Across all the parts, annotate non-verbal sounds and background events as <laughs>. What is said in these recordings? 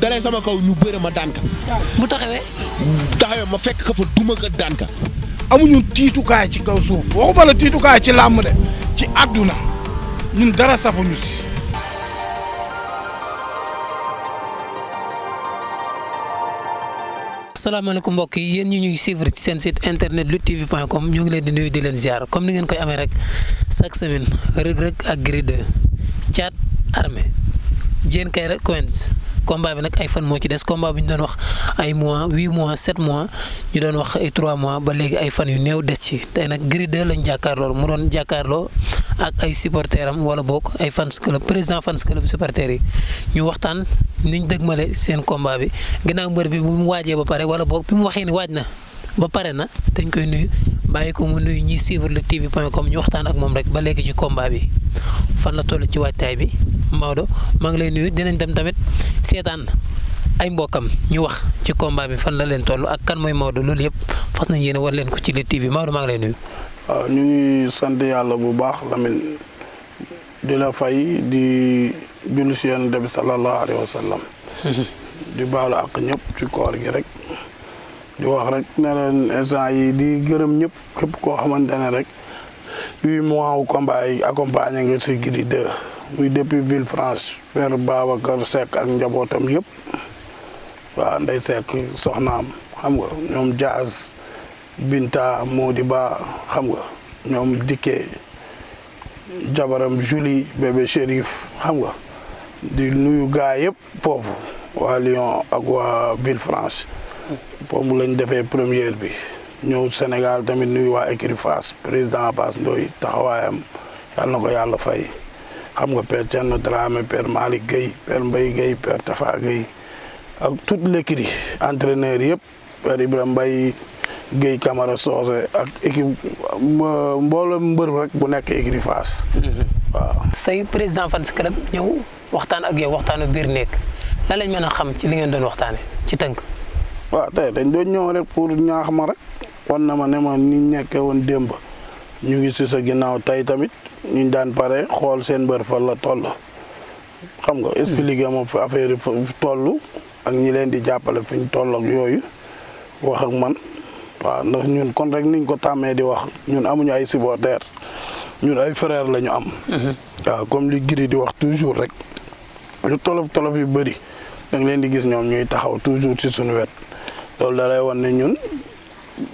dalee sama kaw ñu bëre ma daan ka. bu taxawee. taxawee ma fekk ka fa duma ka daan amuñu tiitukaay ci kaw suuf waxuma la tiitukaay ci làmm de ci àdduna ñun dara safuñu si. salaamaaleykum mbokk yi yéen ñu ñuy suivre ci seen site internet luttetv.com ñu ngi leen di nuyu di leen ziar comme ni ngeen koy rek chaque semaine ak Gris 2 Thiat Armé combat bi nag ay fan moo ci des combat bi ñu doon wax ay mois huit mois sept mois ñu doon wax ay trois mois ba léegi ay fan yu néew des ci tey nag Gris 2 lañ jàkkaarloo mu doon jàkkaarloo ak ay supporters am wala boog ay fan club président fans club supporters yi ñu waxtaan niñ dëgmale seen combat bi ginnaaw mbër bi bu mu waajee ba pare wala book bi mu waxee ni waaj na. ba pare na dañ koy nuyu bàyyi ko mu nuyu ñi suivre Lutte TV point com ñu waxtaan ak moom rek ba léegi ci combat bi fan la toll ci waajtaay bi Maodo maa ngi lay nuyu dinañ dem tamit seetaan ay mbokkam ñu wax ci combat bi fan la leen toll ak kan mooy Maodo loolu yëpp fas nañ yéene war leen ko ci Lutte TV Maodo maa ngi lay nuyu. ñu ngi sant yàlla bu baax Lamine di la fay di julli si yonent bi sallallahu alayhi wa sallam. <laughs> di baalu ak ñëpp ci koor gi rek. di wax rek ne leen yi di gërëm ñëpp képp koo xamante ne rek huit mois wu combat yi nga si Gris 2 muy depuis ville France père Babacar Seck ak njabootam yëpp waaw Ndeye Seck soxnaam xam nga ñoom Diaz Binta Mody Ba xam nga ñoom Dikke jabaram Julie bébé Chérif xam nga di nuyu gaa yëpp foofu waa Lyon ak waa ville France foofu lañ defee première bi ñëw Sénégal tamit nuyu waa écurie Fass président Abass Ndoye taxawaayam yàlla na ko yàlla fay xam nga père Thierno Dramé père Malick Guèye père Mbaye Guèye père Tafa Guèye ak toute l'écurie entraîneur yëpp mbay Ibrahima Mbaye Guèye Camara Socé ak équipe mboolem mbër rek bu nekk écurie Fass mm-hmm. waaw. say président Fans ñëw waxtaan ak yow waxtaanu biir nekk lan lañ mën a xam ci li ngeen doon waxtaane ci tënk. waa tey dañ doon ñëw rek pour ñaax ma rek wan na ma ne ma ni nekkee woon démb ñu ngi si sa ginnaaw tey tamit ñu daan pare xool seen bër fa la toll xam nga moom ma affaire yi toll ak ñi leen di jàppale fi ñu toll ak yooyu wax man waaw ndax ñun kon rek niñ ko tàmmee di wax ñun amuñu ay supporter ñun ay frère la ñu am mhm. li di wax toujours rek ñu tolof tolof yu bëri da leen di gis ñoom ñuy taxaw toujours ci suñu wet loolu da lay wan ne ñun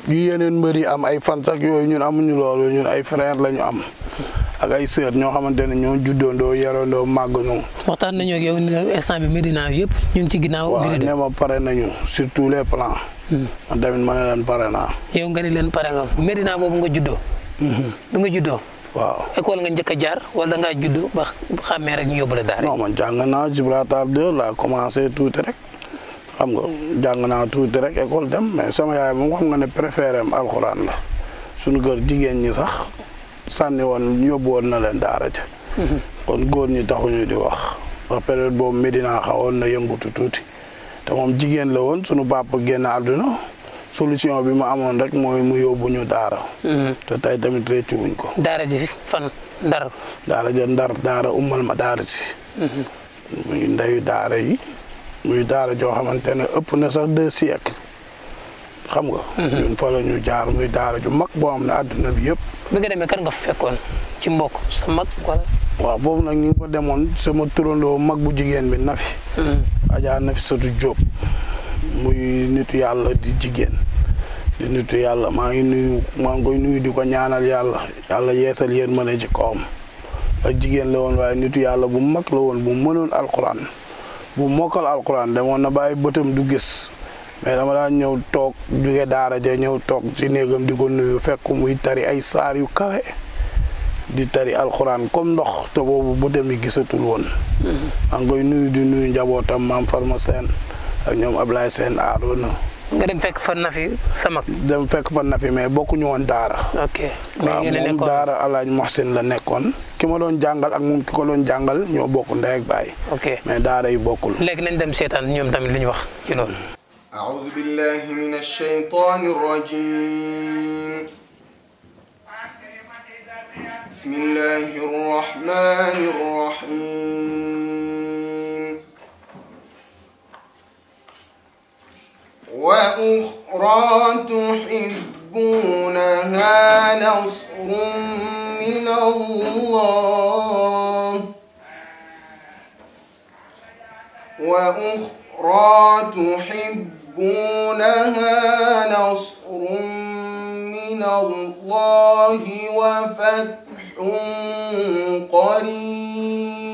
yu yeneen mbër yi am ay fan sax yooyu ñun amuñu loolu ñun ay frère lañu am ak ay sœur ñoo xamante ne ñoo juddoondoo yarandoo màggandoo. waxtaan nañoo ak yow yëpp ñu ngi ci ginnaaw. waaw ne pare nañu sur tous les plans. Hmm. man tamit ma ne leen pare naa. yow nga ni leen pare nga Medina boobu nga juddoo. du hmm. nga juddoo. waaw école nga njëkk jaar wala da ngaa juddoo ba xàmmee rek ñu yóbbu la daara. non man jàng naa Gibraltar 2 laa commencé tuuti rek. xam nga jàng naa tuuti rek école dem mais sama yaay moom xam nga ne préféré am alxuraan la suñu kër jigéen ñi sax sànni woon yóbbu woon na leen daara ja <laughs> kon góor ñi taxuñu di wax ndax période boobu Medina xawoon na yëngutu tuuti te moom jigéen la woon suñu papa génn àdduna solution bi mu amoon rek mooy mu yóbbu ñu daara mm-hmm. te tey tamit réccu wuñ ko daara ji fan ndar daara ja ma daara si mm-hmm. muy ndeyu daara yi muy daara joo xamante ne ëpp na sax deux siècles xam nga. Mhm. ñun fa la jaar muy daara ju mag boo xam ne àdduna bi yëpp. bi nga demee kan nga fa fekkoon ci mbokk sa mag wala. waaw boobu nag ñu ko demoon sama turandoo mag bu jigéen bi Nafi. Mhm. Adja Nafi Satu Diop. muy nitu yàlla di jigéen. di nitu yàlla maa ngi nuyu maa ngi koy nuyu di ko ñaanal yàlla yàlla yeesal yéen mën a ci kawam ak jigéen la woon waaye nitu yàlla bu mag la woon bu mënoon alquran. bu mokkal alxuraan demoon na bàyyi bëtam du gis mais dama daan ñëw toog jóge daara ja ñëw toog ci néegam di ko nuyu fekk muy tari ay saar yu kawe di tari alxuraan comme ndox te boobu bëtam yi gisatul woon. Hmm. maa ngi koy nuyu di nuyu njabootam maam Farma seen ak ñoom Ablaye Sène Arouna. nga dem fekk fa Nafi sama. dem fekk fa Nafi mais bokkuñu woon Daara. ok waaw moom Daara Alaaji Mohsin la nekkoon. ki ma loon jàngal ak moom ki ko loon jàngal ñoo bokk ndey ak baay. mais Daara yi bokkul. léegi nañ dem seetaan ñoom tamit lu ñu wax ki loolu. أعوذ بالله من الشيطان الرجيم بسم الله وأخرى تحبونها نصر من الله وأخرى تحبونها نصر من الله وفتح قريب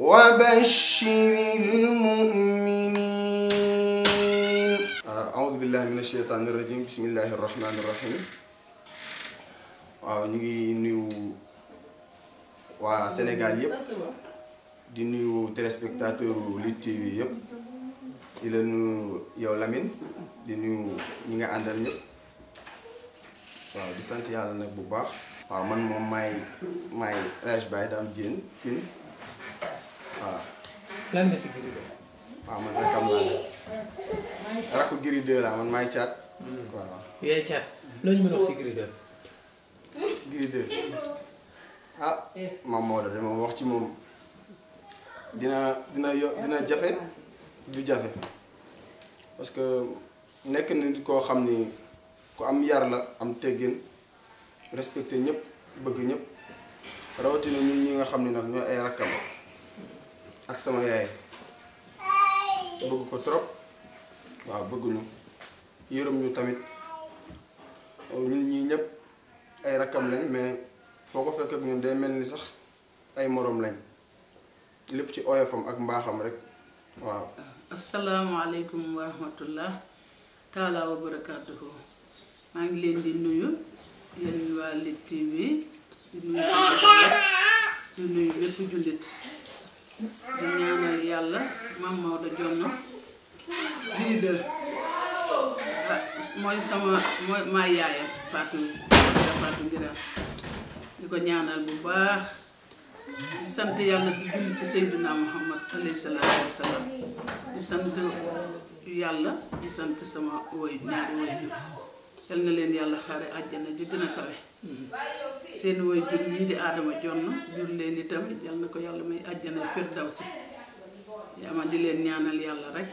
وبشر المؤمنين أعوذ بالله من الشيطان الرجيم بسم الله waaw ñu ngi nuyu waa Sénégal yëpp di nuyu téléspectateur Lutte TV yëpp di la nuyu yow Lamine di nuyu ñi nga àndal ñëpp waaw di sant yàlla nag bu baax waaw man moom maay maay El Hadj Baye Dame Diène voilà. lan nga si Gris 2. waaw man rakkam laa ne rakku Gris 2 laa man maay caat. voilà yaay caat loo ñu mën a wax si Gris 2. Gris 2 ah maam Maodo de moom wax ci moom dina dina yo dina jafe du jafe parce que nekk na nit koo xam ni ku am yar la am teggin respecté ñëpp bëgg ñëpp rawatina ñun ñi nga xam ne nag ñoo ay rakkam. ak sama yaay bëgg ko trop waaw bëgg ñu yërëm ñu tamit ñun ñii ñëpp ay rakkam lañ mais foo ko fekk ak ñun day mel ni sax ay moroom lañ lépp ci oyofam ak mbaaxam rek waaw. asalaamaaleykum wa rahmatullah taalaa wa barakaatuhu maa ngi leen di nuyu leen waa Lutte TV di nuyu lépp jullit. di ñaanal yàlla maam Maodo Jonn giri de mooy sama mooy maa yaayam Fatou Fatou Ngiraan di ko ñaanal bu baax di sant yàlla di julli ci Seydina Muhammad alayhi salaatu wasalaam di sant yàlla di sant sama woy ñaari woy jur yal na leen yàlla xaare àjjana ji gën a seen woy jur yi di aadama jonn jur leen itam yal na ko yàlla may àjjana firdawsi yaama di leen ñaanal yàlla rek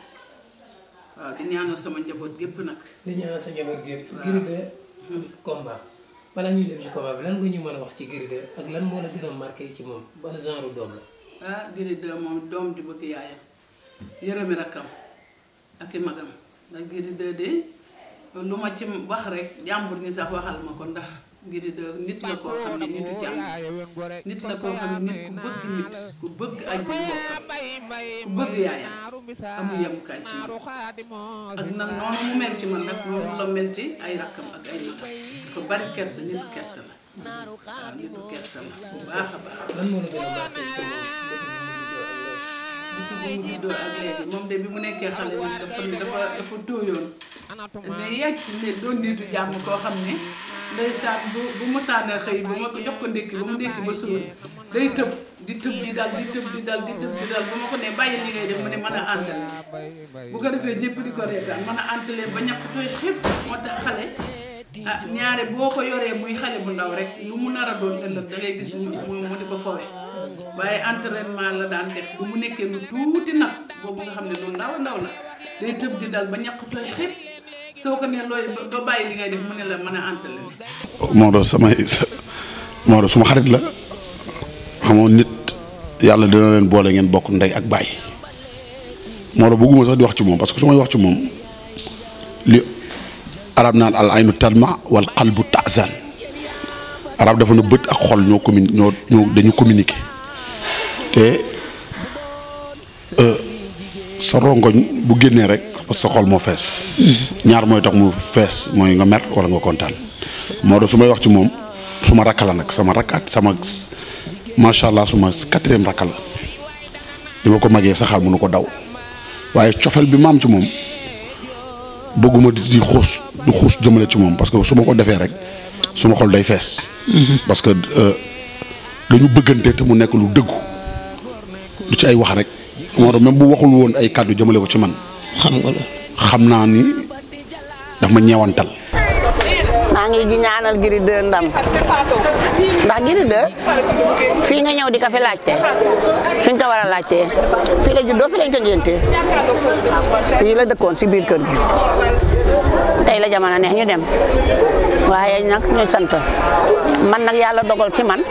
waaw di ñaanal sama njaboot gépp nag di ñaanal sa njaboot gépp Guiers 2 combat balaa ñuy dem ci combat bi lan nga ñu mën a wax ci Guiers 2 ak lan moo la gën a marqué ci moom ban genre doom la ah Guiers moom doom di bëgg yaayam yërëmi rakkam ak i magam ndax Guiers 2 de lu ma ci wax rek jàmbur ñi sax waxal ma ko ndax ngir nit la koo xam ne nitu jàng nit la koo ne nit ku bëgg nit ku bëgg aju bokkam ku bëgg yaayam amul yemukaay ci ak nag noonu mu mel ci man nag noonu la mel ci ay rakkam ak ay magam dafa bari kersa nit kersa la waaw nit kersa la a baax. lan moo la gën a baax tey ci moom de bi mu nekkee xale bi dafa dafa dafa tóoyoon. te yàgg ne doon nitu jàmm koo xam ne. ndeysaan bu bu musaana xëy ba ma ko jox ko ndékki ba mu ndékki ba suur day tëb di tëb di dal di tëb di dal di tëb di ba ma ko ne bàyyi li ngay dem mu ne mën a antale bu ko defee ñëpp di ko reetaan mën a antale ba ñàkk tooy xëpp moo tax xale ah ñaare boo ko yoree muy xale bu ndaw rek lu mu nar a doon ëllëg da ngay gis mu mu di ko fowe waaye entraînement la daan def bu mu nekkee lu tuuti nag boobu nga xam ne lu ndaw ndaw la day tëb di dal ba ñàkk tooy xëpp soo ko nee looy doo bàyyi li la mën a xarit la xamoo nit yàlla dina leen boole ngeen bokk ndey ak bàyyi Maodo bëgguma sax di wax ci moom parce que su may wax ci moom li arab naan al aynu talma wal qalbu taazan arab dafa na bët ak xol ñoo commun dañu communiquer te. Euh, sa rongoñ bu génnee rek sa xol moo fees. ñaar mooy tax mu fees mooy nga mer wala nga kontaan moo do su may wax ci moom su ma rakk la nag sama rakk at sama macha allah suma quatrième rakk la li ma ko magee saxaar mënu ko daw waaye cofel bi ma am ci moom bëgguma di xuus du xuus jëmale ci moom parce que su ma ko defee rek su ma xol day fees. Mhm. parce que euh, dañu bëggante te mu nekk lu dëggu du ci ay wax rek. Mor même bu waxul woon ay kàddu jëmale ko ci man. xam naa ni daf ma ñeewantal. maa ngi gi ñaanal Gris 2 ndam ndax Gris fii nga ñëw di ko fi laajte fi nga ko war a laajte fii la juddoo fi lañ ko ngénte fii la dëkkoon si biir kër gi tey la jamono neex ñu dem waaye nag ñu sant man nag yàlla dogal ci man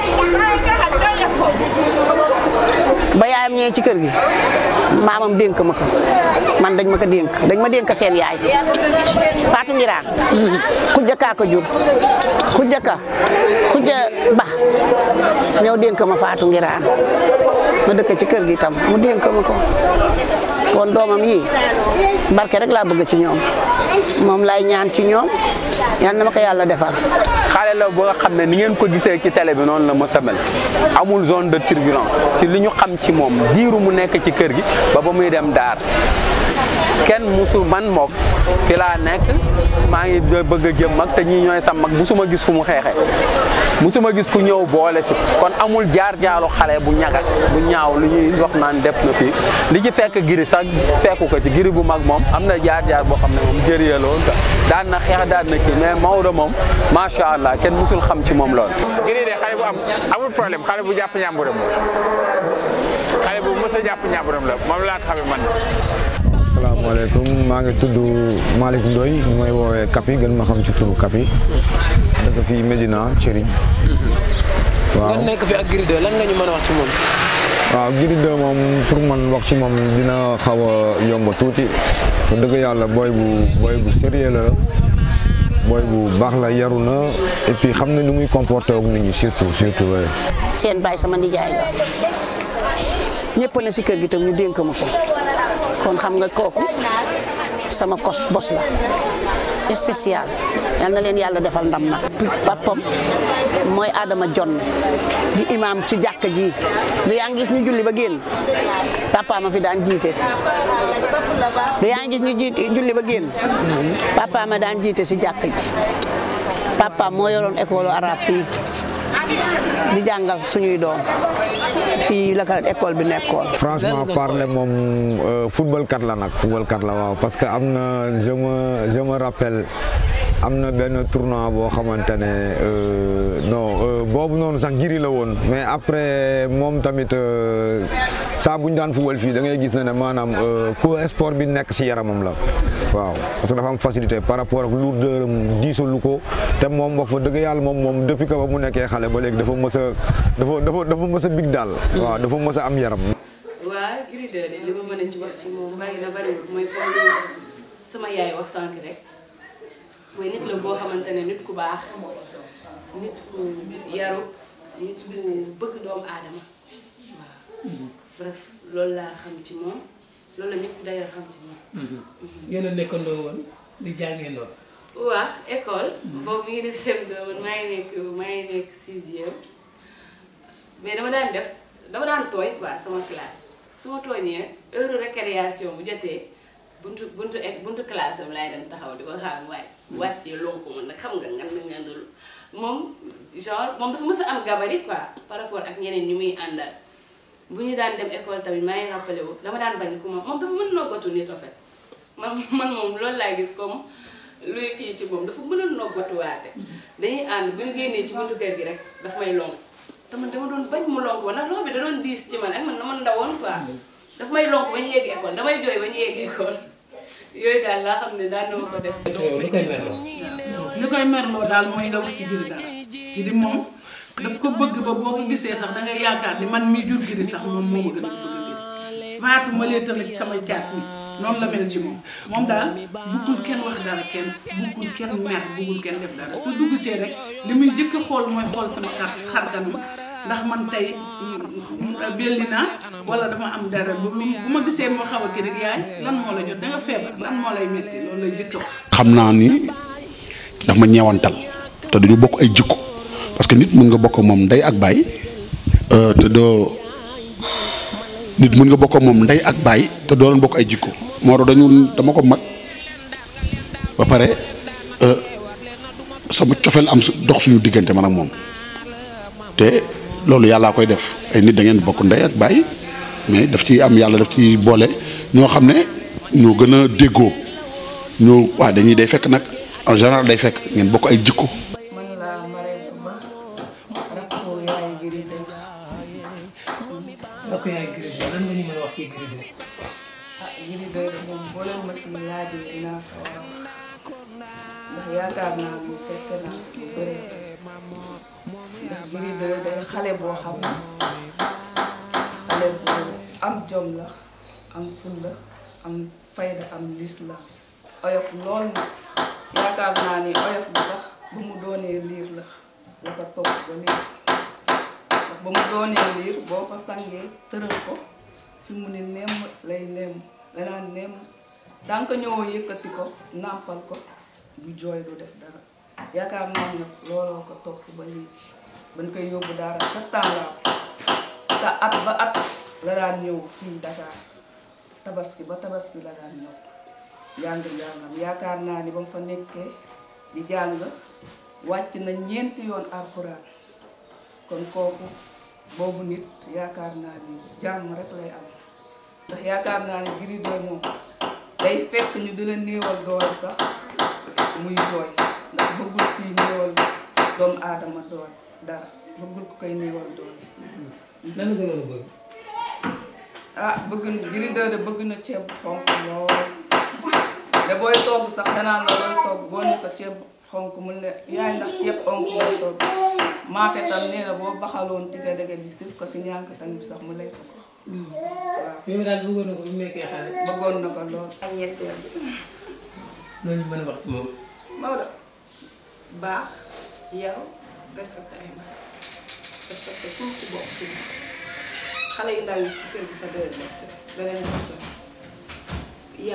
ba yaayam ñëwee ci kër gi maamam dénk ma ko man dañ ma ko dénk dañ ma dénk seen yaay Fatou Ngiraan xujjakaa ko jur xujjaka xujja ba ñëw dénk ma Fatou Ngiraan ma dëkk ci kër gi tam mu dénk ma ko kon doomam yi barke rek laa bëgg ci ñoom moom laay ñaan ci ñoom yal na ma ko yàlla defal. xale la boo xam ne ni ngeen ko gisee ci télé bi noonu la ma sa amul zone de turbulence ci li ñu xam ci moom diiru mu nekk ci kër gi ba ba muy dem daar kenn musul man mook fi laa nekk maa ngi bëgg a jëm mag te ñii ñooy sam mag musuma gis fu mu xeexe musuma gis ku ñëw boole si kon amul jaar jaalu xale bu ñagas bu ñaaw lu ñuy wax naan dep na fi li ci fekk giri sax fekku ko ci giri bu mag moom am na jaar jaar boo xam ne moom jëriyaloon daan na xeex daan na kii mais Maodo moom macha allah kenn musul xam ci moom lool. giri de xale bu am amul problème xale bu jàpp ñàmburam la xale bu mës a jàpp la moom laa xamee man. asalaamaaleykum maa ngi tudd Malick Ndoye ñu may woowee Kapi gën ma xam ci turu Kapi. dëkk fii Medina Thierry. waaw nga lan nga ñu mën a wax ci moom. waaw Gris 2 moom pour man wax ci moom dina xaw a yomb tuuti. wax dëgg yàlla booy bu booy bu la booy bu baax la yaru na et puis xam ne ni muy comporté ak nit surtout seen baay sama nijaay la na si kër gi tam ñu dénk ma ko. kon xam nga kooku sama kos bos la spécial yal na leen yàlla defal ndam nag papam mooy Adama Jonn di imam ci jàkk ji du yaa ñu julli ba génn papaama fi daan jiite du yaa ñu julli ba génn mm-hmm. papaama daan jiite si jàkk ji papaam moo yoroon école arabe fii di jàngal suñuy doom fii la ka école bi nekkoon. franchement parler moom euh, football kat la nag. football kat la waaw parce que am na je me je am na benn tournoi boo xamante ne euh, non euh, boobu noonu sax giri la woon mais après moom tamit euh, saa bu ñu daan football fii da ngay gis ne ne maanaam ko sport bi nekk si yaramam la waaw parce que dafa am facilité par rapport ak lourdeur am ko te moom wax fa dëgg yàlla moom moom depuis que ba mu nekkee xale ba léegi dafa mës a dafa dafa dafa a big daal. waaw dafa mës a am yaram. mooy nit la boo xamante ne nit ku baax nit ku yaru nit ku bëgg doomu aadama waaw bref loolu laa xam ci moom loolu la ñëpp d'ailleurs xam ci moom ngeen mm-hmm. a nekkandoo woon di waa école mm-hmm. boobu mi ngi def seen doon maa ngi nekk maa ngi nekk sixième mais dama daan def dama daan tooy waa sama classe su tooñee heure récréation bu jotee buntu buntu buntu classe am laay dem taxaw di ko xaar waaye wàccee lonku ma nag xam nga ngan na ngandul moom genre moom dafa mës a am gabari quoi par rapport ak ñeneen ñi muy àndal bu ñu daan dem école tamit maa ngi rappelé wu dama daan bañ ku ma moom dafa mën noggatu nit en fait man man moom loolu laa gis comme luy ci moom dafa mën a noggatuwaate dañuy ànd bu ñu génnee ci buntu kër gi rek daf may lonk te man dama doon bañ mu lonk woon ndax loolu bi da doon diis ci man ak man na man ndawoon quoi mm. daf may lonk ba ñu yegg damay jooy ba ñu yegg école yooyu laa xam ne daan ko def. lu koy merloo lu koy merloo daal mooy nga wax ci giri dara giri moom daf ko bëgg ba boo ko gisee sax da yaakaar ni man mii jur gi ni sax moom moo ma gën a bëgg giri faatu ma lee tamit sama caat mi noon la mel ci moom moom daal buggul kenn wax dara kenn buggul kenn mer buggul kenn def dara su dugg cee rek li muy njëkk xool mooy xool sama xar xar ma ndax man tey mm, mm, belli naa wala dama am dara bu ma gisee moo xaw a yaay lan moo la jot da feebar lan moo lay métti loolu lay jëkk xam naa ni daf ma ñeewantal te dañu bokk ay jikko parce que nit mun nga bokk moom ndey ak baay euh, te doo nit nga bokk moom ndey ak baay te doo leen ay jikko moo tax dañu dama ko mag ba pare euh, sama cofeel am dox suñu diggante man ak moom te loolu yàllaa koy def ay nit da ngeen bokk ndey ak bàyyi mais daf ci am yàlla daf ci boole ñoo xam ne ñoo gën a déggoo ñoo waaw dañuy day fekk nag en général day fekk ngeen bokk ay jikko. Ah, ma si laajee dinaa sa Gris 2 day xale boo xam ne xale bu am jom la am fulla am fayda am lislaam oyof lool yaakaar naa ni oyof bi sax ba mu doonee liir la la ko topp ba liir ndax ba mu boo ko sangee tëral ko fi mu ne nemm lay nemm danaan nemm danga ñëwoo yëkkati ko nàmpal ko du jooy du def dara yaakaar naa nag looloo ko topp ba liir bañ koy yóbbu daara sept ans la at ba at la daan ñëw fii Dakar tabaski ba tabaski la daan ñëw jàng jàngam yaakaar naa ni ba mu fa nekkee di jàng wàcc na ñeent yoon alxuraan kon kooku boobu nit yaakaar naa ni jàmm rek lay am ndax yaakaar naa ni Gris 2 moom day fekk ñu di néewal doole sax muy jooy ndax bëggul kii néewal doomu aadama doole dara bëggul ko koy néewal doole. bëgg. ah bëgg na Gris 2 de bëgg na ceeb bu lool de booy togg sax danaa la looy togg boo ne ceeb bu xonk mu ne yaay ndax ceeb xonk mooy tam nee na boo baxaloon tiga dege bi sif ko si ñànk tamit sax mu lay ko mm. na ko bu mu nekkee moom. baax yaru. respecté ay mag respecté pour ku ci biir xale yu ndaw ci kër gi sa doyul rek sa beneen bopp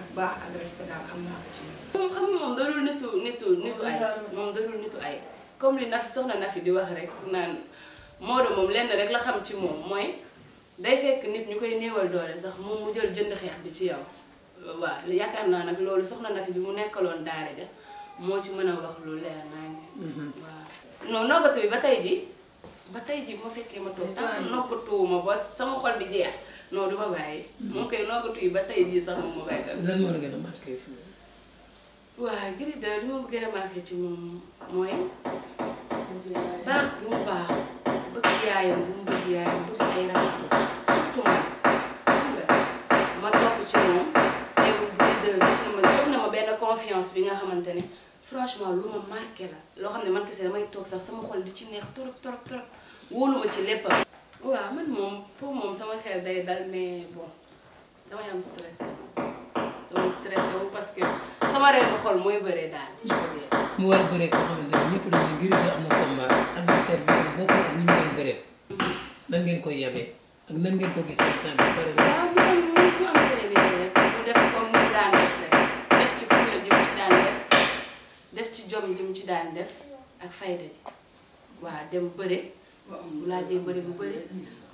ak baax ak respect daal xam naa ko ci biir. moom xam nga moom dalul nitu ay moom dalul comme li Nafi soxna Nafi di wax rek naan Maodo moom lenn rek la xam ci moom mooy day fekk nit ñu koy e néewal doole sax moom mu jël jënd xeex bi ci yow. waaw yaakaar naa nag loolu soxna Nafi bi mu nekkaloon daara ja moo ci mën a wax lu leer naa ngi mhm. waaw non noggatu yi ba tey ji ba tey ji bu ma fekkee ma toog tam noggatuwuma ba sama xol bi jeex non du ma bàyyi. Hmm. moom koy noggatu yi ba tey ji sax moom moo la gën gën a marqué ci moom mooy baax gi mu baax bëgg yaayam bu mu bëgg yaayam bëgg ay raxas surtout ma topp ci moom tey Gris 2 gis na ma ma benn confiance bi nga xamante ne. franchement lu ma marqué la loo xam ne man kese damay toog sax sama xol di ci neex torop torop torop wóoluma ci lépp waaw man moom pour moom sama xel day dal mais bon parce que sama reenu xol mooy bëree daal mu war a koo xamante ne ñëpp dañu ne ngir ñu am na combat adversaire bi boo ko ak ñu ngeen bëree nan ngeen koy yabee ak nan ngeen ko gis instant bi pare na jom ji mu ci daan def ak fayda ji waa dem bëre bu laajee bëre mu bëre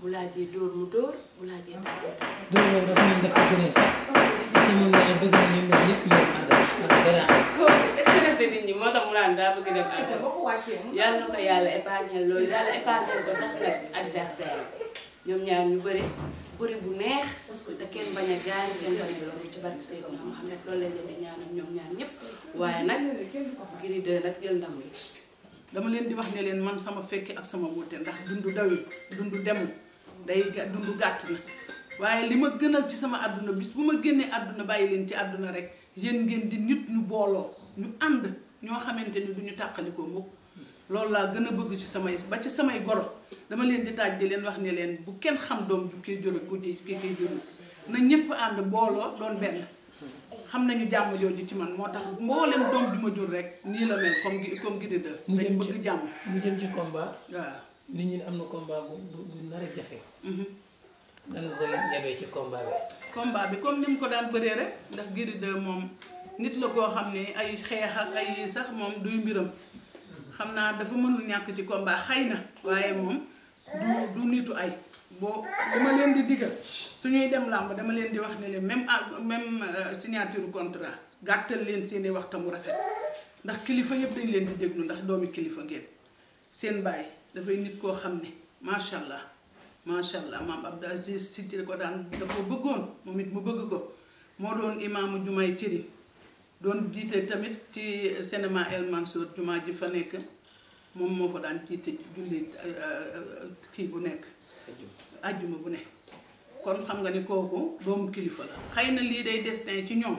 bu laajee dóor mu dóor bu laajee dóor mu dóor loolu dafa ñun def ko gënee sax parce laa bëgg na ñoom ñoom ñëpp ñoom ànd ak dara stressé nit ñi moo tax mu naan daa bëgg dem ànd yàlla ko yàlla épargner loolu yàlla épargner ko sax adversaire ñoom ñaar ñu bëre bëri bu neex te kenn bañ a gaañ kenn a loolu ci barke Seydina Mohamed leen ñoom ñaan ñëpp waaye nag Gris 2 nag jël ndam dama leen di wax ne leen man sama fekke ak sama wuute ndax dundu dawul dundu dem day dundu gàtt na waaye li ma gënal ci sama àdduna bis bu ma génnee àdduna bàyyi leen ci àdduna rek yéen ngeen di nit ñu booloo ñu ànd ñoo xamante ni du ñu tàqalikoo mukk loolu laa gën a bëgg ci samay ba ci samay goro dama leen di taaj di leen wax ne leen bu kenn xam doom ju koy jëlut ku ki koy jëlut na ñëpp ànd mbooloo doon benn xam nañu jàmm jooju ci man moo tax mboolem doom ju ma jur rek nii la mel comme gi comme gi dëdd dañu bëgg jàmm bu jëm ci combat waaw nit am na combat bu jafe dan mhm. nga koy ñebee ci combat bi combat bi comme ni mu ko daan bëree rek ndax Gris 2 moom nit la koo xam ne ay xeex ak ay sax moom duy mbiram xam naa dafa mënul ñàkk ci combat xëy na waaye moom du du nitu ay boo dama leen di digal suñuy dem làmb dama leen di wax ne leen même ah, même euh, signature contrat gàttal leen seeni waxta mu rafet ndax kilifa yëpp dañ leen di déglu ndax doomi kilifa ngeen seen baay dafay nit koo xam ne macha allah macha allah maam Abdou Aziz si ko daan da ko bëggoon moom it mu bëgg ko moo doon imaamu jumaay cëriñ doon jiite tamit ci cinéma El Mansour jumaa ji fa nekk moom moo fa daan jiite julli euh, kii bu nekk ajjuma bu ne kon xam nga ni kooku doomu kilifa la xëy na lii day destin ci ñoom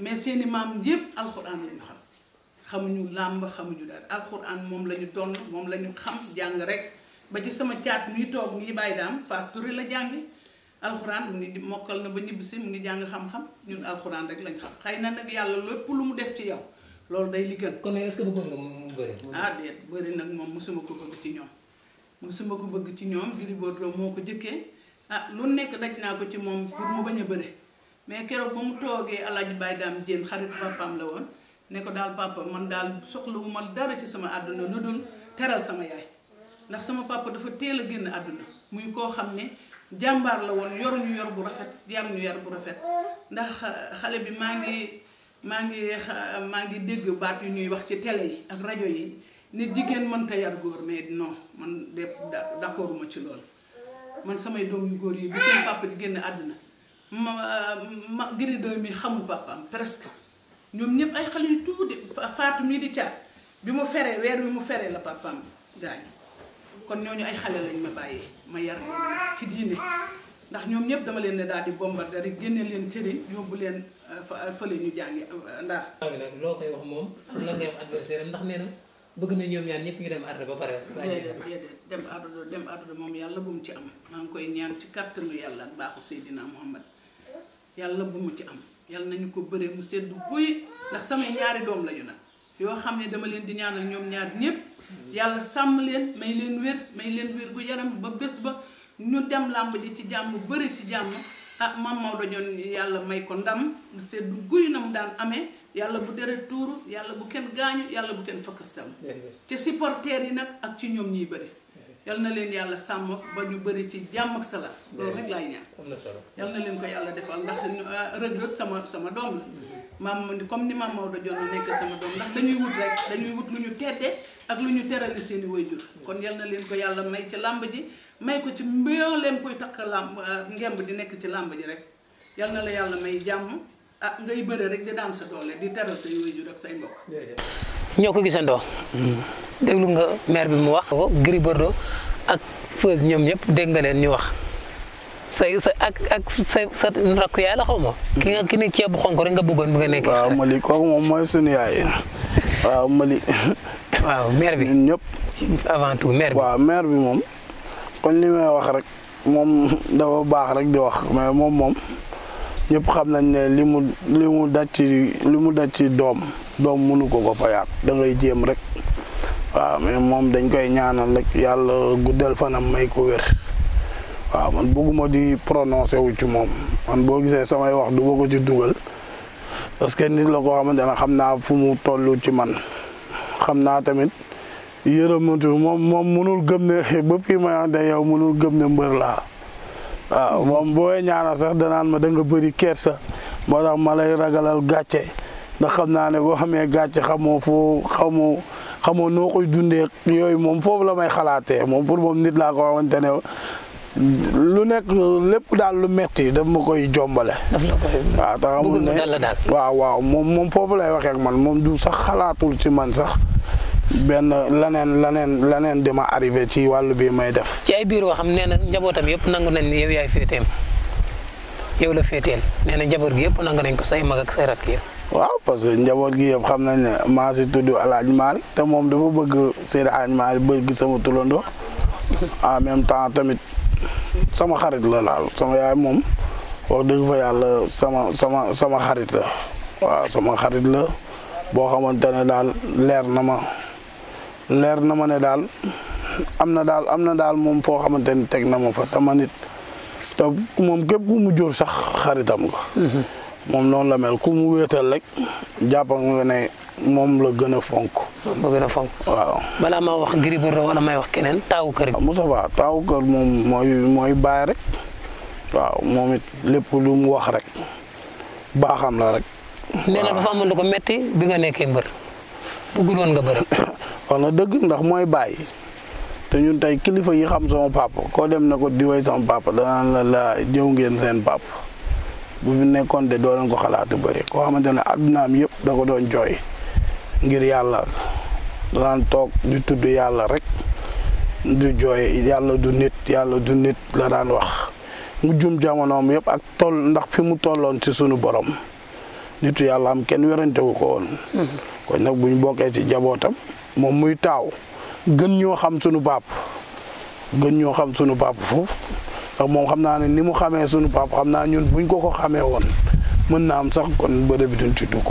mais seeni maam yépp alxuraan lañu xam xamuñu làmb xamuñu dara alxuraan moom lañu doon moom lañu xam jàng rek ba ci sama caat ñuy toog ñuy bàyyi daam Fass la jàngi alxuraan mu ngi mokkal na ba ñibbisi mu ngi jàng xam-xam ñun alxuraan rek lañ xam xay na nag yàlla lépp lu mu def ci yow loolu day liggéey. kon est-ce mu bëri. Ah, bëri nag moom mosuma ko bëgg ci ñoom mosuma ko bëgg ci ñoom Gris Bordeaux moo ko jëkkee ah lu nekk daj naa ko ci moom pour mu bañ a bëri mais keroog ba mu toogee Alaaji Baye Dame Diène xarit papaam la woon ne ko daal papa man daal soxlawu ma dara ci sama àdduna lu dul teral sama yaay ndax sama papa dafa teel a génn àdduna muy koo xam ne jàmbaar la woon yoruñu yor bu rafet yaruñu yar bu rafet ndax euh, xale bi maa ngi maa ngi euh, maa ngi dégg baat yu ñuy wax ci télé yi ak rajo yi ne jigéen mënta yar góor mais non man de d'accord ma ci lool man samay doom yu góor yi bi seen papa génn àdduna ma euh, ma Gris 2 mi xamu papaam presque ñoom ñëpp ay xale yu tuuti faatu mii di caat bi mu feree weer wi mu feree la papaam gaañu kon ñooñu ay xale lañ ma bàyyi ma yar ci diine ndax ñoom ñëpp dama leen ne daal di bombardé rek génne leen cëriñ yóbbu leen euh, euh, fële ñu jàngi euh, ndaar. waaw nag loo koy wax moom lan ngay wax adversaire ndax nee na bëgg na ñoom ñaan ñëpp ñu dem ba pare. déedéet déedéet dem ardo dem ardo moom yàlla bu mu ci am maa ngi koy ñaan ci kàttanu yàlla ak baaxu Seydina Muhammad yàlla bu mu ci am yàlla nañu ko bëree mu sedd guy ndax samay ñaari doom lañu nag yoo xam ne dama leen di ñaanal ñoom ñaar ñëpp. yàlla sàmm leen may leen wér may leen wér gu yaram ba bés ba ñu dem làmb ji ci jàmm bëri ci jàmm ah mam Maodo ñoon yàlla may ko ndam seddu guy na mu daan amee yàlla bu deret tuuru yàlla bu kenn gaañu yàlla bu kenn fakkastal te supporters yi nag ak ci ñoom ñiy bëri yal na leen yàlla sàmm ba ñu bëri ci jàmm ak salaam loolu rek laay ñaan am na solo yal na leen ko yàlla defal ndax ah, Reug Reug sama sama doom la maam comme ni maam Maodo Dior nekk sama doom ndax dañuy wut rek dañuy wut lu ñu tedde ak lu ñu teral seeni i wayjur kon yal na leen ko yàlla may ci làmb ji may ko ci leen koy takk làmb euh, ngemb di nekk ci làmb ji rek yal na la yàlla may jàmm ah ngay bëre rek di daan sa doole di teral say wayjur ak say mbokk. ñoo ko gisandoo. déglu nga maire bi mu wax ko Gris Bordeaux ak Feuz ñoom ñëpp dégg nga leen ñu wax. say sa ak ak sa sa rakk yaay la xaw ma. ki nga ki ne ceeb bu xonk rek nga bëggoon bi nga nekk. waaw moom mooy sunu yaay waaw Mali. maire bi ñëpp. avant tout maire maire bi moom. kon li may wax rek moom dafa baax rek di wax mais moom moom ñëpp xam nañ ne li mu li mu daj ci li mu daj ci doom doom mënu ko ko fayaat da ngay jéem rek waaw mais moom dañ koy ñaanal rek yàlla guddal fanam may ko wér. waaw man bëgguma di prononcé wu ci moom man boo gisee samay wax du ko ci dugal parce que nit la koo xamante xam naa fu mu toll ci man xam naa tamit yërëmatu moom moom mënul gëm ne <laughs> ba fii ma ante yow mënul gëm ne mbër laa waaw moom booy ñaana sax danaan ma da nga bëri kersa moo tax ma lay ragalal gàcce ndax xam naa ne boo xamee gàcce xamoo foo xamoo xamoo noo koy dundee yooyu moom foofu la may xalaatee moom pour moom nit laa ko xamante ne lu nekk lépp daal lu metti daf ma koy jombale. daf waaw tax waaw moom moom foofu lay waxee ak man moom du sax xalaatul ci man sax benn leneen leneen leneen dima arrivé ci wàll bi may def. ci ay biir waxam nee na njabootam yëpp nangu nañ ni yow la féeteel nee na njaboot yëpp nangu nañ ko say mag ak say rakk yëpp. waaw parce njaboot gi yëpp xam nañ ne maa si tudd Alaaji Maalik te moom dafa bëgg Seydi Alaaji Maalik bëgg sama tulandoo en même temps tamit. sama xarit la laal sama yaay moom wax dëgg fa yàlla sama sama sama xarit la waaw sama xarit la boo xamante daal leer na ma leer na ma ne daal am na daal am na daal moom foo xamante ne teg na ma fa tama nit te moom képp ku mu jur sax xaritam nga mm-hmm. moom noonu la mel ku mu wéetal rek jàpp nga moom la gën a fonk. a fonk. waaw balaa maa wax Gris Bordeaux may wax keneen taawu kër gi. Moustapha taawu kër moom mooy mooy baay rek waaw moom it lépp lu mu wax rek baaxam la rek. waaw nee na dafa amoon lu ko metti bi nga nekkee mbër bëggul woon nga bëri. <coughs> wax na dëgg ndax mooy baay te ñun tey kilifa yi xam sama papa koo dem na ko di way sama papa danaa la la jëw ngeen seen papa bu fi nekkoon de doo leen ko xalaatu bëri koo xamante ne addunaam yëpp da ko doon jooy. ngir yàlla danaan toog di tudd yàlla rek du jooy yàlla du nit yàlla du nit la daan wax mu jum jamonoom yëpp ak toll ndax fi mu tolloon ci sunu boroom nit yàlla am kenn werantewu ko woon kon nag buñ bokkee ci njabootam moom muy taaw gën ñoo xam sunu baap gën ñoo xam sunu baap ndax moom xam naa ne ni mu xamee sunu baap xam naa ñun buñ ko ko xamee woon mën na am sax kon bërëb bi duñ ci dugg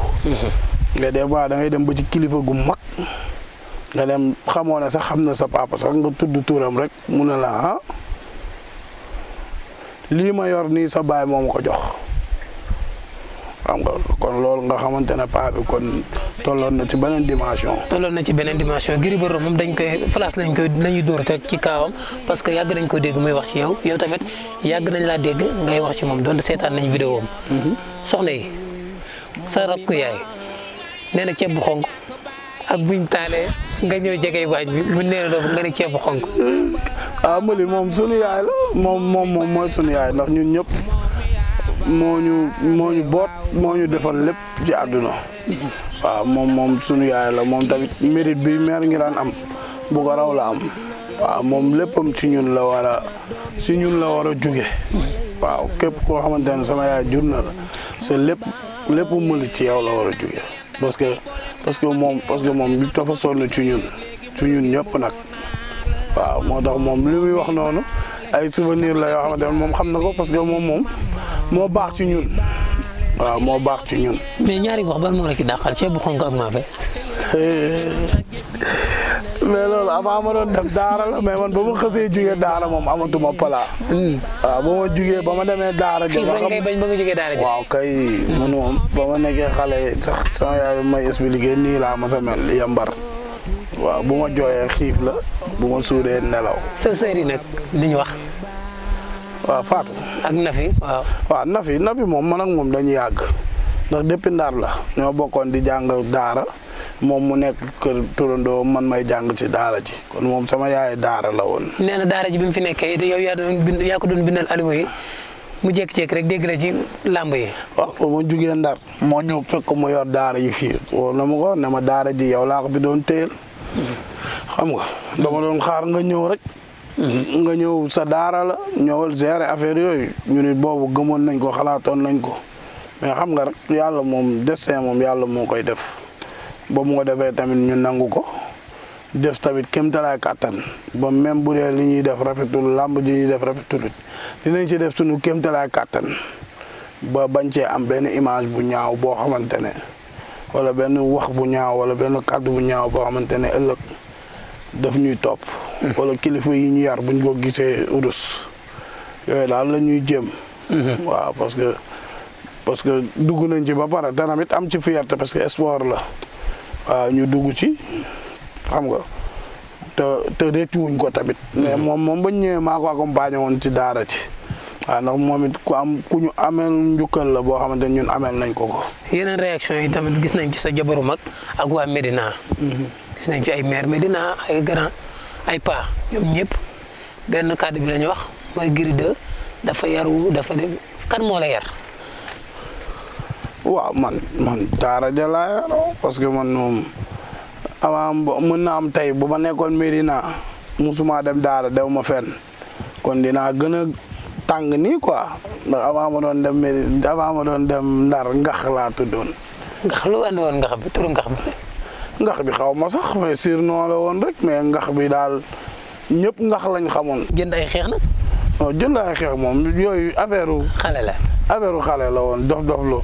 nga des fois da ngay dem ba ci kilifa gu mag nga dem xamoo ne sax xam na sa papa sax nga tudd tuuram rek mun na la ah lii ma yor nii sa baay moom ko jox xam kon loolu nga xamante ne paa bi kon tolloon na ci beneen dimension. tolloon na ci beneen dimension Gris Bordeaux moom dañ koy falaas lañ koy lañuy dóor te ci kaawam parce que yàgg nañ ko dégg muy wax ci yow yow tamit yàgg nañ laa dégg ngay wax ci moom doon seetaan nañ vidéo am. Mhm. soxna yi sa rakku yaay. nee na ceeb bu xonk ak buñ taalee nga ñëw jegey waañ bi lu nee na nga ne ceeb bu xonk ah Mbëli moom sunu yaay la moom moom moom mooy sunu yaay ndax ñun ñëpp moo ñu moo ñu boot lépp ci àdduna waaw moom moom sunu yaay la moom tamit mérite bi meer ngi daan am bu ko raw la am waaw moom léppam ci ñun la war a ci ñun la war a jóge waaw képp koo xamante ne sama yaay jur na la c'est lépp lépp Mbëli ci yow la war a jóge parce que parce que moom parce que moom dafa sonn ci ñun ci ñun ñëpp nag waaw moo tax moom li muy wax noonu ay souvenir la yoo xamante moom xam na ko parce que moom moom moo baax ci ñun waaw moo baax ci ñun. mais ñaari wax ban moo la ci dàqal ceeb bu xonk ak maafe. <laughs> mais loolu avant ma doon la mais man ba ma xësee jugee daara moom amatuma pala. Hmm. waaw ba ma jugee ba ma demee daara. ji ma xam ba nga jugee daara ji. ba ma nekkee xale sax sama ma sa mel yambar. waaw bu ma xiif la bu ma suuree nelaw. sa sœur yi nag li ñu wax. waaw Fatou. ak Nafi waaw. waaw Nafi Nafi moom man ak moom dañuy yàgg ndax depuis Ndar la ñoo bokkoon di jàng daara. moom mu nekk kër turandoo man may jàng ci daara ji kon moom sama yaay daara la woon. nee na daara ji bi mu fi nekkee yow yaa doon bind yaa ko doon bindal aliwo mu jékki-jékki rek dégg na ci làmb yi. o ba jugee ndar moo ñëw fekk mu yor daara yi fii woo na ma ko ne ma daara ji yow laa ko fi doon téyel xam nga dama doon xaar nga ñëw rek. nga ñëw sa daara la ñëwal gérer affaire yooyu ñu nit boobu gëmoon nañ ko xalaatoon nañ ko mais xam nga rek yàlla moom desin moom yàlla moom koy def. ba mu defee tamit ñu nangu ko def tamit kéem talaay kàttan ba même bu dee li ñuy def rafetul làmb ji ñuy def rafetul dinañ ci def suñu kéem talaay kàttan ba bañ cee am benn image bu ñaaw boo xamante ne wala benn wax bu ñaaw wala benn kàdd bu ñaaw boo xamante ne ëllëg daf ñuy topp. Hmm. wala kilifa yi ñu yar buñ ko gisee urus yooyu daal la ñuy jéem. Hmm. waaw parce que que dugg nañ ci ba pare te tamit am ci fierté parce que sport la. waaw euh, ñu dugg ci xam nga te te réccuwuñ ko tamit. Mm-hmm. mais moom moom ba ñu ñëwee maa ko accompagné woon ci daara ci. waaw ndax moom it ku am ku ñu ameel njukkal la boo xamante ne ñun ameel nañ ko ko. yeneen réaction yi tamit gis nañ ci sa jabaru mag ak waa Médina. Mm-hmm. gis nañ ci ay maire Médina ay grand ay pa ñoom ñëpp benn kàddu bi la wax mooy Gris dafa yaru dafa def kan moo la yar. waaw man man daara ja laa parce que man moom avant mën na am tey bu ma nekkoon Médina musuma dem daara dew ma fenn kon dinaa gën a tàng nii quoi ndax avant ma doon dem Médina avant ma doon dem Ndar ngax laa tuddoon. ngax lu andi woon ngax bi turu ngax bi. ngax bi xaw ma sax mais surnom la woon rek mais ngax bi daal ñëpp ngax lañ xamoon. jënd ay xeex nag. non jënd ay xeex moom yooyu affaire. xale la affaire xale la woon dof dof lo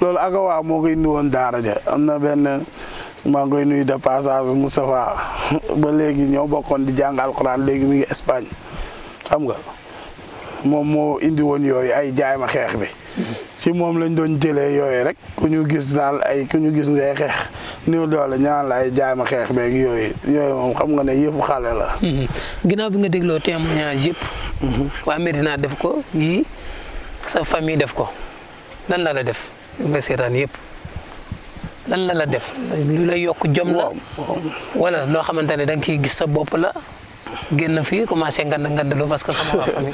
loolu Agawa moo koy indi woon daara ja am na benn maa ngi koy nuyu de passage ba léegi ñoo bokkoon di jàng alxuraan léegi mu ngi Espagne xam nga moom moo indi woon yooyu ay jaay ma xeex bi si moom lañ doon jëlee yooyu rek ku ñu gis naa ay ñu gis ngay xeex néew doole ñaan la ay jaay ma xeex beeg yooyu yooyu moom xam nga ne yëfu xale la. Mhm. ginnaaw bi nga dégloo témoignage yëpp. Mhm. waa Medina def ko yii sa famille def ko lan la la def. li may seetaan yëpp lan la la def lu lay yokk jom la wala loo xamante ne da nga ciy gis sa bopp la génn fii commencé ngand ngandlu parce que sama famille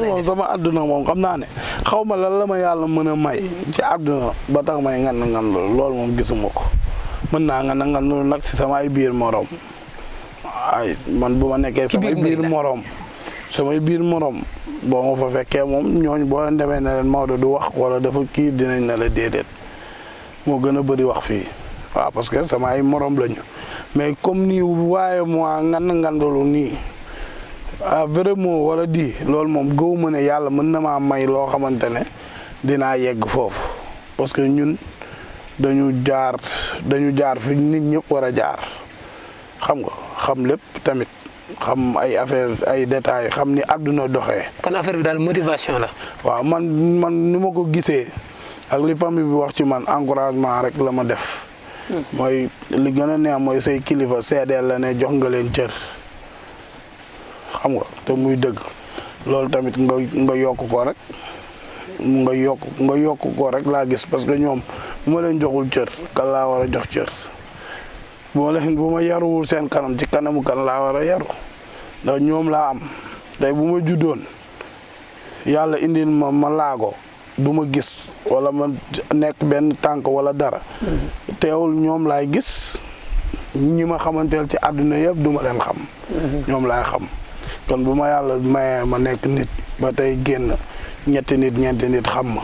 <laughs> moom sama àdduna moom xam naa ne xaw ma lan la ma yàlla mën a may ci àdduna ba tax may ngand ngandlu lool moom gisuma ko mën naa ngand ngandlu nag si sama ay biir morom ay man bu ma nekkee samay biir morom samay biir morom boo ma fa fekkee moom ñooñ boo leen demee ne leen Maodo du wax wala dafa kii dinañ na la déedéet moo gën a bëri wax fii waa parce que sama ay morom lañu mais comme nii waaye moi ngan ngandalu nii ah vraiment wala di loolu moom gëw ma ne yàlla mën na maa may loo xamante ne dinaa yegg foofu parce que ñun dañu jaar dañu jaar fi nit ñëpp war a jaar xam nga xam lépp tamit. xam ay affaire ay détails xam ni àdduna doxee. kon affaire bi daal motivation la. waaw man man nu ma ko gisee ak li famille bi wax ci man encouragement rek la ma def. Hmm. mooy li gën a neex mooy say kilifa seedeel la ne jox nga leen cër xam nga te muy dëgg loolu tamit nga nga yokk ko rek nga yokk nga yokk ko rek laa gis parce que ñoom bu ma leen joxul cër kan laa war a jox cër. boo bu ma yaruwul seen kanam ci kanamu kan laa war a yaru ndax ñoom laa am tey bu ma juddoon yàlla indi ma ma laago du ma gis walla ma nekk benn tànk wala dara mm-hmm. teewul ñoom laay gis ñi ma xamanteel ci àdduna yëpp duma leen xam mm-hmm. ñoom laay xam kon bu ma yàlla mayee ma nekk nit ba tey génn ñetti nit ñeenti nit xam ma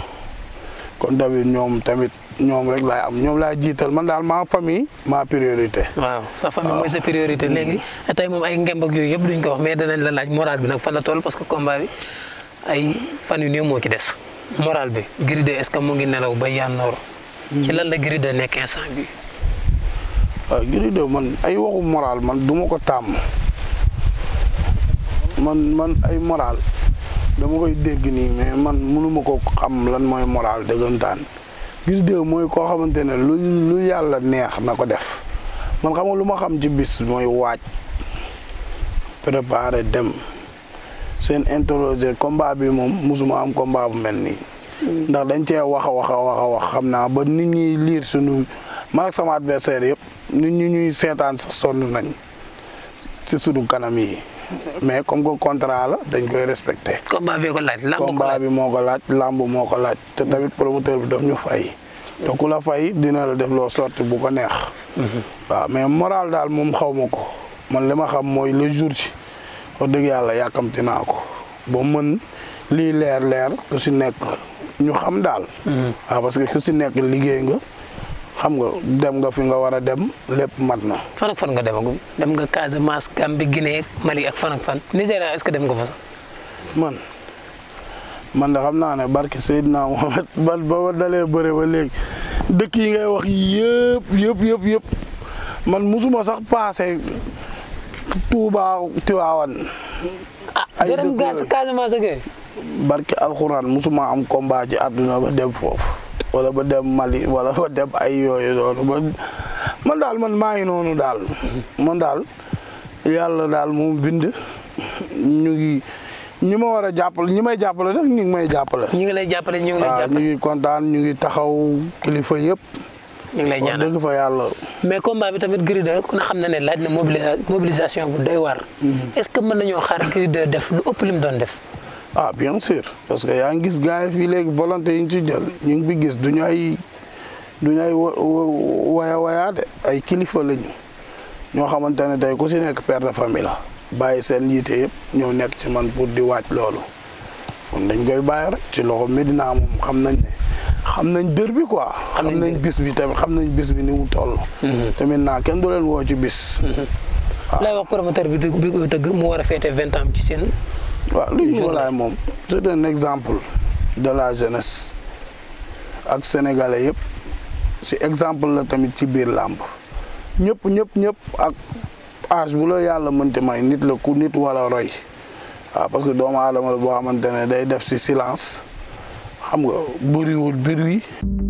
kon tamit ñoom tamit ñoom rek laay am ñoom laay jiital man daal ma famille ma priorité. waaw sa famille mooy sa priorité mm. léegi tey moom ay ngemb ak yooyu yëpp duñ ko wax mais danañ la laaj moraal bi nag fan la toll parce que combat bi ay fan yu néew moo ci des. moral bi Gris 2 est-ce que mu ngi nelaw ba Yann Noor. ci mm. lan la Gris 2 nekk instant bi waaw Gris man ay waxu moral man du ma ko tàmm man man ay moral dama koy dégg nii mais man mënuma ko xam lan mooy moral dëggantaan. ngir déew mooy koo xamante ne lu lu yàlla neex na ko def man xam lu ma xam ci bis mooy waaj préparer dem seen interroger combat bi moom musuma am combat bu mel nii mm. ndax dañ cee wax a wax a xam naa ba nit ñuy liir suñu man ak sama adversaire yëpp nit ñi ñuy seetaan sax sonn nañ si sunu kanam yi mais comme que contrat la dañ koy respecté. combat bi ko bi moo ko laaj lamb moo ko laaj te tamit promoteur bi daf ñu fay. te ku la fay dina la def loo sorti bu ko neex. waaw mais moral daal moom xaw ma ko man li ma xam mooy le jour ci wax dëgg yàlla yàkkamti naa ko ba mën lii leer leer ku si nekk ñu xam daal. Mm-hmm. waaw parce que ku si nekk liggéey nga. xam nga dem nga fi nga war a dem lépp man na. fan ak fan nga demagum dem nga Casamance Gambie Guinée Mali ak fan ak fan Nigéria est que dem nga fa sax. man man da xam naa ne barke Seydina Mohamed <laughs> ba ba dalee ba léegi dëkk yi ngay wax yëpp yëpp yëpp man musuma sax paase Touba Tiwaawan. ah dërëm Casamance ak barke alxuraan musuma am combat ji àdduna ba dem foofu. wala ba dem Mali wala ba dem ay yooyu noonu ba man daal man maa ngi noonu daal man daal yàlla daal mu bind ñu ngi ñu ma war a jàppal ñi may jàppale nag ñu ngi may jàppale. ñu ngi lay jàppale ñu ngi lay jàppale ñu ngi kontaan ñu ngi taxaw kilifa yëpp. ñu ngi lay ñaanal dëgg fa yàlla. mais combat bi tamit Gris 2 ku ne xam na ne laaj na mobilisation bu doy war mm-hmm. est-ce que mën nañoo xaar Gris def lu ëpp lim doon def. ah bien sûr parce que yaa ngi gis gars yi fii léegi volonté yi ñu ci jël ñu ngi bi gis du ñu ay du ñu ay waya wayaa de ay kilifa lañu ñoo xamante ne tey ku si nekk père de famille la bàyyi seen yiite yëpp ñoo nekk ci man pour di waaj loolu kon dañ koy bàyyi rek ci loxo Medina moom xam nañ ne xam nañ dër bi quoi. xam nañ bis bi tamit xam nañ bis bi ni mu toll. Mhm. tamit naa kenn du leen woo ci bis. waaw mhm. ah. lay wax promoteur bi du tëgg mu war a vingt ans ci seen. waaw Luc Nicolaï moom c'est un exemple de la jeunesse ak sénégalais yëpp si exemple la tamit ci biir làmb ñëpp ñëpp ñëpp ak age bu la yàlla mënti may nit la ku nit wala roy waaw parce que doomu adama la boo xamante ne day def si silence xam nga bëriwul bruit